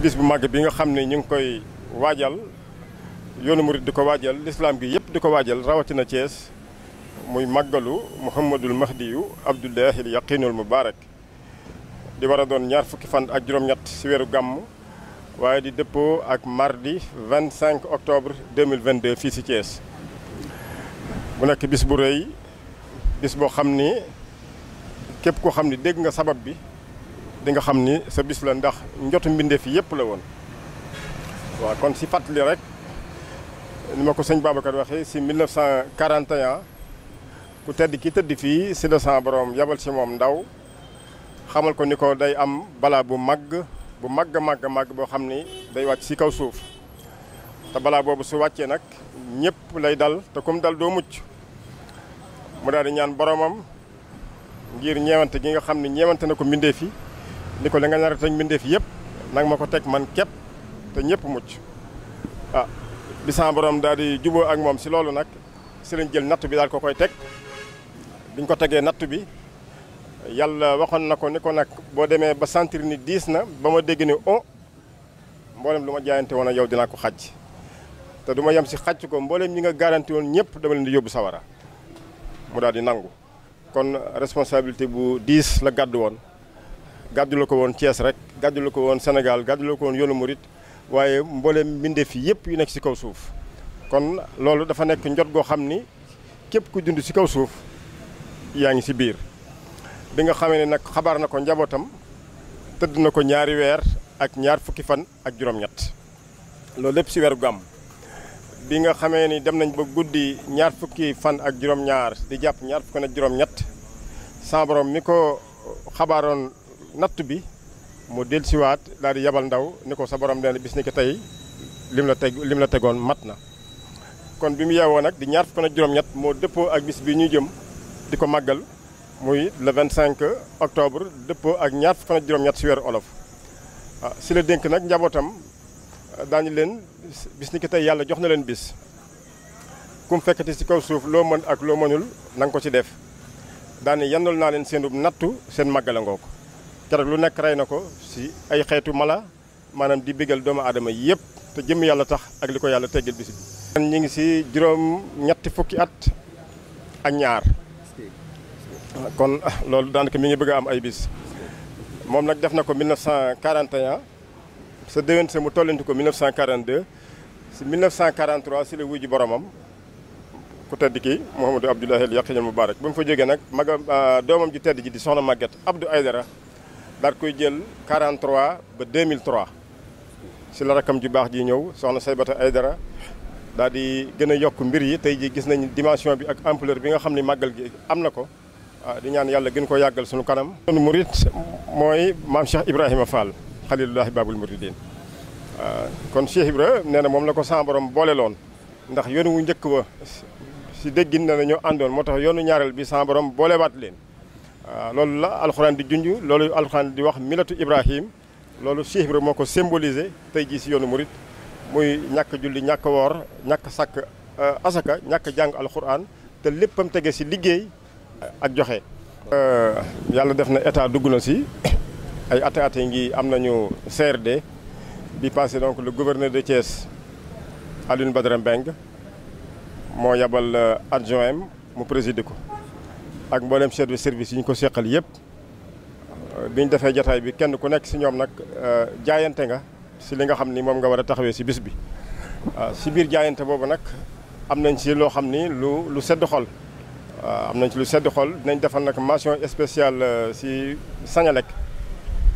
bis bu màgg bi nga xam ne ñu ngi koy waajal yoonu murit di ko waajal lislaam gi yëpp di ko waajal rawatina Thiès muy màggalu Muhammadul Mahdiyu Abdullahil Yaqinul Mubarak di war a doon ñaar fukki fan ak juróom-ñett si weeru gàmm waaye di dëppoo ak mardi 25 octobre 2022 fii si Thiès bu nekk bis bu rëy bis boo xam ni képp koo xam ni dégg nga sabab bi di nga xam ni sa bis la ndax njotu mbindeef yi yëpp la woon waaw kon si fàttali rek ni ma ko sëñ Babacar waxee si 1941 ku tedd ki tëdd fii si la sa borom yabal si moom ndaw xamal ko ni ko day am balaa bu màgg bu màgg màgg màgg boo xam ni day wàcc si kaw suuf te balaa boobu su wàccee nag ñëpp lay dal te comme dal doo mucc mu daal di ñaan boromam ngir ñeewante gi nga xam ne ñeewante na ko mbindeef yi ni ko li nga nar a teg mbindeef yëpp nag ma ko teg man képp te ñëpp mucc ah bi borom daal di juboo ak moom si loolu nag si lañ jël natt bi daal ko koy teg biñ ko tegee natt bi yàlla waxoon na ko ni ko nag boo demee ba sentir ni diis na ba ma dégg ni o oh, mboolem lu ma jaayante woon a yow dinaa ko xaj te du ma yem si xaj ko mbooleem ñi nga garanti woon ñëpp dama leen di yóbbu sawara mu daal di nangu kon responsabilité bu diis la gàddu woon gàddu la ko woon cees rek gàddu la ko woon Sénégal gàddu la ko woon yoonu murit waaye mboolem mbindeef yi yëpp yu nekk ci kaw suuf kon loolu dafa nekk njot goo xam ni képp ku dund ci kaw suuf yaa ngi ci biir bi nga xamee ne nag xabaar na ko njabootam tëdd na ko ñaari weer ak ñaar fukki fan ak juróom-ñett loolu lépp ci weeru gàmm bi nga xamee ni dem nañ ba guddi ñaar fukki fan ak juróom-ñaar di jàpp ñaar fukki fan juróom-ñett sa mi ko xabaaro natt bi mu del siwaat daal di yabal ndaw ni ko sa borom nee na bis ni ko tey lim la teg lim la tegoon mat na kon bi mu yeewoo nag di ñaar fukk ak juróom-ñett moo dëppoo ak bis bi ñuy jëm di ko màggal muy le cinq octobre dëppoo ak ñaar fukk ak juróom-ñett si weeru olof ah, si la dénk nag njabootam daañu leen bis ni ki tey yàlla jox na leen bis ku mu fekkati si kaw suuf loo mën ak loo mënul na ko ci def daan yandal naa leen seenub nattu seen màggala keroog lu nekk rey na ko si ay xeetu mala maanaam di biggal doomu aadama yëpp te jëm yàlla tax ak li ko yàlla teggal bis bi. man ñu ngi si juróom ñetti fukki at ak ñaar kon loolu daanaka mi ngi bëgg am ay bis moom nag def na ko 1941 sa déwén sa mu tollanti ko 1942 si 1943 si la wuyu ji boromam. ku tedd ki Mouhamadou Abdoulaye El Yaqin Moubarak ba mu fa jógee nag magam ah, doomam ji tedd ji di soxna Maguette Abdou Aydara daal koy jël 43 ba 2003 si la rakam ju baax ji ñëw soxna Saybata Aydara daal di gën a yokk mbir yi tey ji gis nañu dimension bi ak ampleur bi nga xam ne màggal gi am na ko ah, di ñaan yàlla gën ko yàggal suñu kanam. sunu murit mooy maam Cheikh Ibrahima Fall xalilullahi babul muridin ah, kon Cheikh Ibra nee na moom la ko sa borom boole loon ndax yoon wu njëkk wa si déggin ne na ñoo àndoon moo tax yoonu ñaareel bi sa borom boolewaat leen. waaw ah, loolu la alxuraan di junj loolu alxuraan di wax milatu Ibrahim loolu Cheikh Ibrahima moo ko symbolisé tey jii si yoonu murit muy ñàkk julli ñàkk woor ñàkk sàkk ah, asaka ñàkk jàng alxuraan te léppam tege si liggéey ak joxe. Ah, yàlla def na état dugg na si ay ate ate ngi am nañu CRD bi passé donc le gouverneur de Thiès Alioune Badara Mbengue moo yabal adjoint mu présider ko. ak mboolem chef de service yi ñu ko seqal yëpp biñ defee jataay bi kenn ku nekk si ñoom nag euh, jaayante nga si li nga xam ni moom nga war a taxawee si bis bi. si euh, biir jaayante boobu nag am nañ si loo xam ni lu lu sedd euh, am nañ si lu sedd dinañ defal nag mention spéciale si Senelec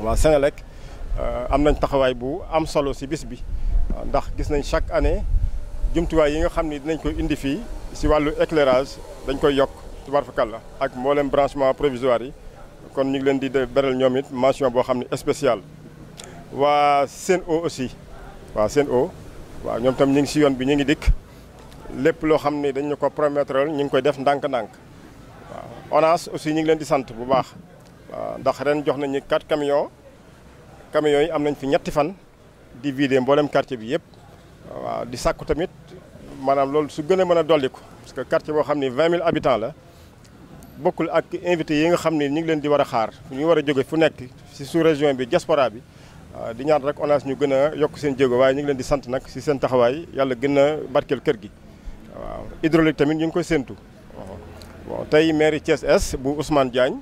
waa Senelec am nañ taxawaay bu am solo si bis bi ndax gis nañ chaque année jumtuwaay yi nga xam ni dinañ koy indi fii si wàllu éclairage dañ koy yokk. la ak mboolem branchement provisoire yi kon ñu ngi leen di beral ñoom it mention boo xam ne spéciale waa Sen'Eau aussi waa Sen'Eau waaw ñoom tam ñu ngi si yoon bi ñu ngi dikk lépp loo xam ne dañu ko promettre ñu ngi koy def ndànk-ndànk waaw ONAS aussi ñu ngi leen di sant bu baax waaw ndax ren jox nañu quatre camions camions yi am nañ fi ñetti fan di vider mboolem quartier bi yëpp waaw di sàkku tamit maanaam loolu su gën a mën a dolli ko parce que boo xam ne vingt mille habitants la bokkul ak invité yi nga xam ne ñu ngi leen di war a xaar ñu war a jóge fu nekk ci su région bi diaspora bi ah, di ñaan rek ONAS ñu gën a yokk seen jéego waaye ñu ngi leen di sant nag ci seen taxawaay yàlla gën a barkeel kër gi waaw hydraulique tamit ñu ngi koy séentu bon tey mairie Thiès Est bu Ousmane Diagne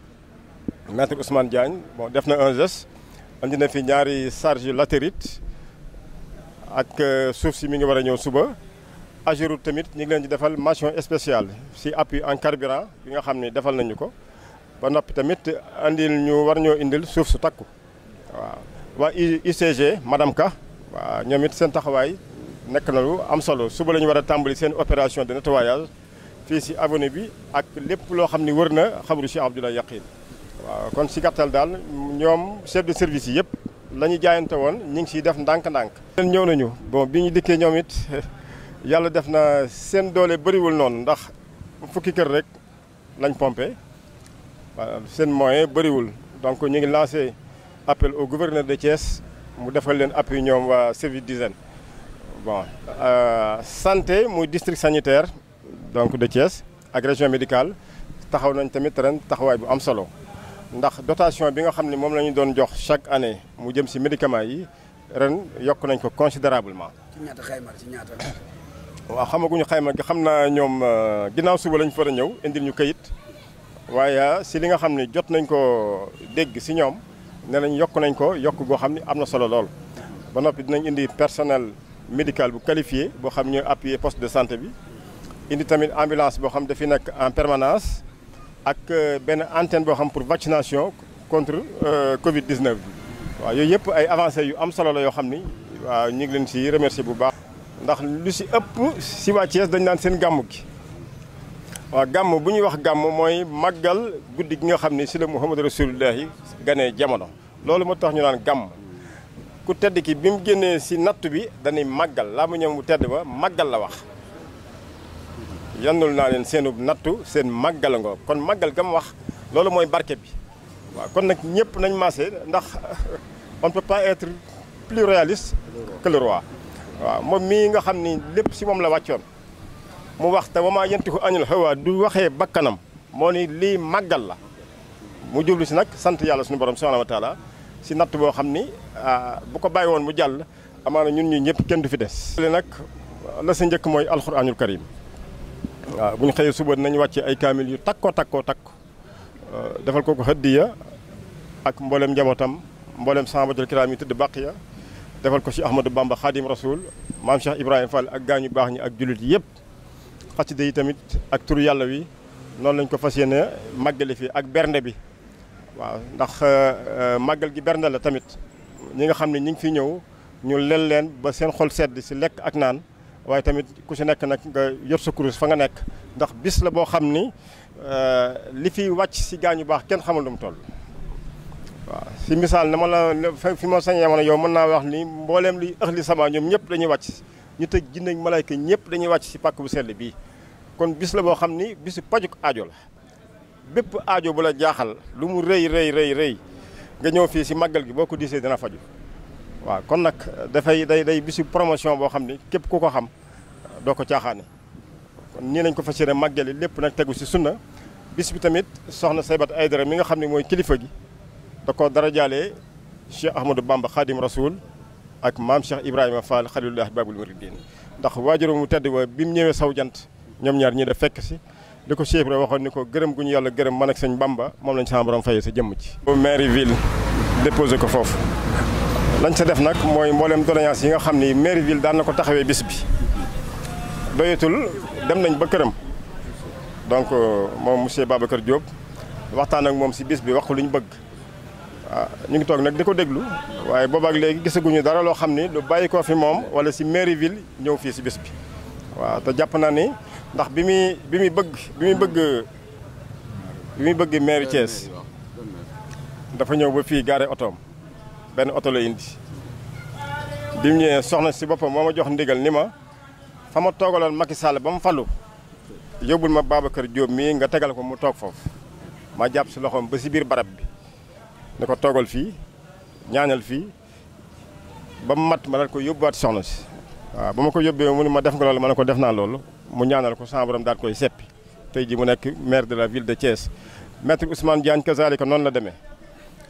maître Ousmane Diagne bon def na un geste andi na fi ñaari charge latérite ak euh, suuf si mi ngi war a ñëw suba Ageroute tamit ñu ngi leen defal mention spéciale si appui en carburant bi nga xam ne defal nañu ko ba noppi tamit andil ñu war ñoo indil suuf su takku waaw waa UCG madame Ka waaw ñoom it seen taxawaay nekk na lu am solo suba la ñu war a tàmbali seen opération de nettoyage fii si avenue bi ak lépp loo xam ne wër na xabru Cheikh Abdoulaye Yakhine waaw kon si gàttal daal ñoom chef service yi yëpp la jaayante woon ñu ngi siy def ndànk-ndànk. ñëw nañu bi ñu dikkee ñoom it. yàlla def na seen doole bëriwul noonu ndax fukki kër rek lañ pompé waaw seen moyen bëriwul donc ñu ngi lancé appel au gouverneur de Thiès mu defal leen appui ñoom waa service d'hygiène bon euh, santé muy district sanitaire donc de Thiès ak médical taxaw nañ tamit ren taxawaay bu am solo ndax dotation bi nga xam ni moom la ñu doon jox chaque année mu jëm ci médicament yi ren yokk nañ ko considérablement ci ñaata ci ñaata waaw xamaguñu xayma gi xam naa ñoom euh, ginnaaw suba lañ far a ñëw indil ñu kayit waaye euh, si li nga xam ne jot nañ ko dégg si ñoom ne nañ yokk nañ ko yokk goo xam ne am na solo lool. ba noppi dinañ indi personnel médical bu qualifié boo xam ñooy appuyer poste de santé bi indi tamit ambulance boo xam dafi nekk en permanence ak euh, benn antenne boo xam pour vaccination contre Covid 19 bi. waaw yooyu yëpp ay avancées yu am solo la yoo xam ni waaw ñu ngi leen si remercier bu baax. ndax lu si ëpp si waa dañ naan seen gàmm gi waaw gàmm bu ñuy wax gàmm mooy màggal guddi gi nga xam ne si la Muhammad Rasulullahi ganee jamono loolu moo tax ñu naan gàmm ku tedd ki bi mu génnee si natt bi dañuy màggal laa mu ñëw mu tedd ba màggal la wax yandul naa leen seenu nattu seen màggal kon màggal gam wax loolu mooy barke bi waaw kon nag ñëpp nañ maase ndax on ne peut pas être waaw moom mii nga xam ni lépp si moom la wàccoon mu wax te wamaa ko anil hawa du waxee bakkanam moo ni lii màggal la mu jublu si nag sant yàlla suñu borom subhanahu wa si natt boo xam ni ah, bu ko bàyyi woon mu jàll amaana ñun ñu ñëpp kenn du fi des. léegi nag la si njëkk mooy alxuraanul karim waaw bu ñu xëyee suba nañu wàcce ay kaamil yu takkoo takkoo takk defal ko ko hëddiya ak mboolem njabootam mboolem sàmbatul kiraam yi tëdd bàq ya defal ko si Ahmadou Bamba Khadim Rasoul maam Cheikh Ibrahima Fall ak gaañu baax ñi ak jullit yëpp xasida yi tamit ak turu yàlla wi noonu lañ ko fas yéene màggale fii ak bernde bi waaw ndax euh, euh, màggal gi bernde la tamit ñi nga xam ne ñi ngi fi ñëw ñu lel leen ba seen xol sedd si lekk ak naan waaye tamit ku si nekk nag nga yor sa kurus fa nga nekk ndax bis la boo xam ni euh, li fi wàcc si gaañu baax kenn xamul lu mu toll si misaal dama la fi ma sañ yamono yow mën naa wax ni mbooleem li ëxli sama ñoom ñëpp dañuy wàcc ñu tëj jinne ak malayka ñëpp dañuy wàcc si pàkk bu sell bii kon bis la boo xam ni bisu pajuk aajo la bépp aajo bu jaaxal lu mu rëy rëy rëy rëy nga ñëw fii si màggal gi boo ko diisee dina faju waaw kon nag dafay day day bisu promotion boo xam ni képp ku ko xam doo ko caaxaane kon nii nañ ko fas yéene màggali lépp nag tegu si sunna bis bi tamit soxna Saybat Aydara mi nga xam ne mooy kilifa gi da ko dara jaalee Cheikh Ahmadou Bamba Khadim Rasoul ak maam Cheikh Ibrahima Fall Khalilullah Babul Mouridine ndax waajur mu tedd wa bi mu ñëwee saw jant ñoom ñaar ñii da fekk si li ko Cheikh Ibrahima waxoon ni ko gërëm gu ñu yàlla gërëm man ak sëñ Bamba moom lañ sama borom fayee sa jëmm ci. mairie ville déposé ko foofu lañ sa def nag mooy mboolem doléance yi nga xam ni mairie ville daan na ko taxawee bis bi doyatul dem nañ ba këram donc euh, moom monsieur Babacar Diop waxtaan ak moom si bis bi wax lu ñu bëgg. waaw ah, ñu ngi toog nag di ko déglu waaye boobaak léegi gisaguñu dara loo xam ni lu bàyyi ko fi moom wala si mairie ville ñëw fii si bés bi waaw te jàpp naa ni ndax bi muy bi muy bëgg bi muy bëgg bi muy bëgg mairie dafa ñëw ba fii gaare otoom benn oto la indi bi mu ñëwee soxna si boppam moo ma jox ndigal ni ma fa ma toogaloon Macky Sall ba mu falu yóbbul ma kër Diop mii nga tegal ko mu toog foofu ma jàpp si loxoom ba si biir barab bi ne ko toogal fii ñaanal fii ba mu mat ma daal ko yóbbuwaat soxna si waaw ba ma ko yóbbee mu ne ma def nga loolu ma ne ko def naa loolu mu ñaanal ko sama borom daal koy seppi tey ji mu nekk maire de la ville de Thiès maître Ousmane Diagne ko noonu la demee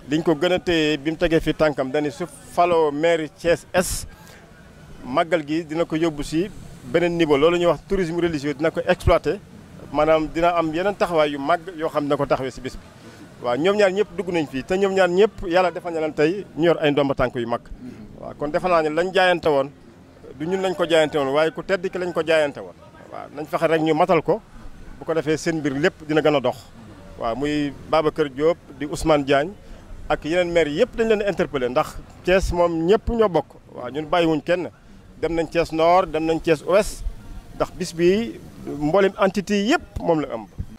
liñ ko gën a téye bi mu tegee fii tànkam dani su faloo maire Thiès es maggal gi dina ko yóbbu si beneen niveau loolu ñuy wax tourisme religieux dina ko exploité maanaam dina am yeneen taxawaay yu màgg yoo xam ne dina ko taxawee si bis bi waa ñoom ñaar ñëpp dugg nañ fii te ñoom ñaar ñëpp yàlla defal na tey ñu yor ay ndomba tànk yu mag waaw kon defe naa ne lañ jaayante woon du ñun lañ ko jaayante woon waaye ku tedd ki lañ ko jaayante woon waaw nañ fexe rek ñu matal ko bu ko defee seen mbir lépp dina gën a dox waaw muy kër Diop di Ousmane Diagne ak yeneen maire yëpp dañ leen interpellé ndax Thiès moom ñëpp ñoo bokk waaw ñun bàyyi wuñ kenn dem nañ Thiès noor dem nañ Thiès ouest ndax bis bi mboolem entité yëpp moom la ëmb